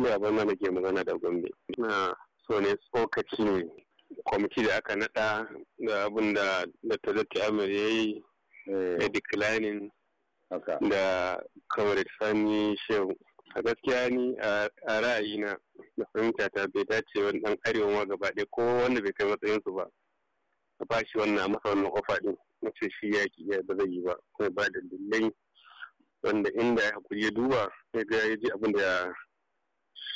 sule abana da ke magana da gombe na so ne tsokaci ne kwamiti da aka naɗa da abin da da tazatti amir ya yi da eh. declining da comrade sani shehu a gaskiya ni a ra'ayina na fahimta ta bai dace wani dan arewa ma gaba ɗaya ko wanda bai kai matsayinsu ba a ba shi wannan masa wannan kofa din na ce shi ya ki ba zai yi ba kuma ba da dalilai wanda inda ya hakuri ya duba ya ga ya ji abin da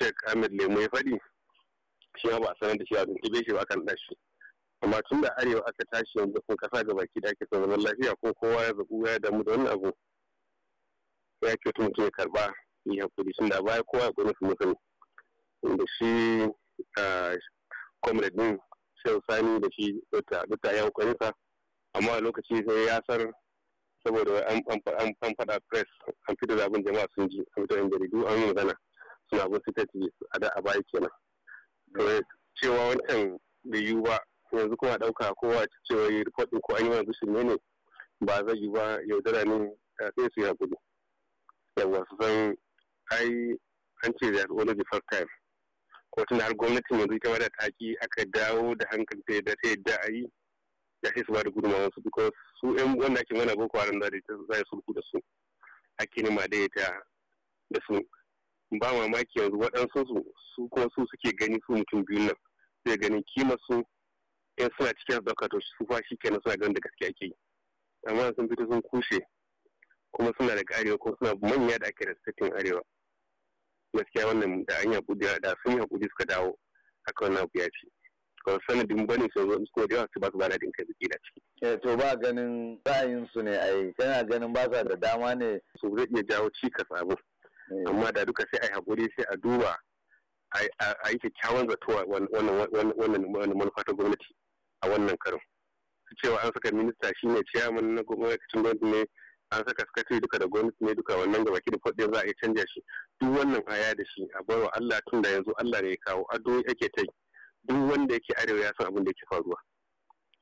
Sheikh Ahmed Lemu ya faɗi shi ba a sanar da shi a tuntube shi ba akan ɗashi amma tun da arewa aka tashi yanzu kun kasa ga baki da ake zama zaman lafiya ko kowa ya zabu ya damu da wani abu ya ce tun ya karɓa, yi hakuri tun da baya kowa ya gwani su mutum da shi comrade din shehu sani da shi dutta ya sa. amma a lokaci sai ya san saboda an faɗa press an fito da abin jama'a sun ji an fito jaridu an yi magana suna zo ta ce a da a baya kenan to cewa wancan bai yiwu ba yanzu kuma ɗauka kowa cewa yi rikodin ko an yi wani shirme ne ba zai yi ba yaudara ne sai su ya gudu yawwa su san ai an ce da wani the first time ko tun har gwamnatin yanzu ita da taki aka dawo da hankali da ta yadda a yi ya sai su ba da gudunmawar su because su yan wanda ake mana boko haram da ta zai sulku da su ake nema ta da su ba mamaki yanzu waɗansu su su kuma su suke gani su mutum biyu nan zai ganin kima su yan suna cikin zaka to su fa shi kenan suna ganin da gaskiya ke yi amma sun fito sun kushe kuma suna da arewa kuma suna manya da ake da sitin arewa gaskiya wannan da an yabu da sun yi haƙuri suka dawo a kan abu ya ce kawai sanadin bane sun zo kuma da yawa su ba su bana dinka zuki da ciki. eh to ba ganin ra'ayin su ne ai kana ganin ba sa da dama ne su zai iya jawo cikas abin. Eh. amma da duka sai a yi haƙuri sai a duba a yi kyakkyawan zato wannan manufa ta gwamnati a wannan karin cewa an saka minista shi shine ciyaman na gwamnatin gwamnati ne an saka sakatari duka da gwamnati ne duka wannan gaba ki da za a yi canja shi duk wannan aya da shi a bawa Allah tun da yanzu Allah ne ya kawo addu'o'i ake ta duk wanda yake arewa ya san abin da yake faruwa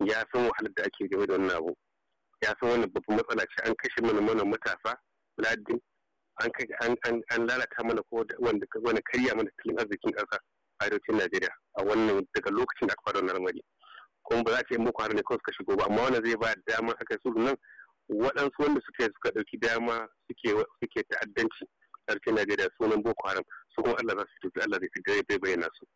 ya san wahalar da ake game da wannan abu ya san wannan babban matsala ce an kashe mana mana matasa ladin an lalata mana ko wani karya mana tattalin arzikin ƙasa a arewacin Najeriya a wannan daga lokacin da aka fara wannan ramari kuma ba za ta yi muku har ne kawai suka shigo ba amma wannan zai ba dama aka su nan waɗansu wanda suke suka ɗauki dama suke ta'addanci a arewacin Najeriya sunan Boko Haram su kuma Allah za su fito Allah zai bayyana su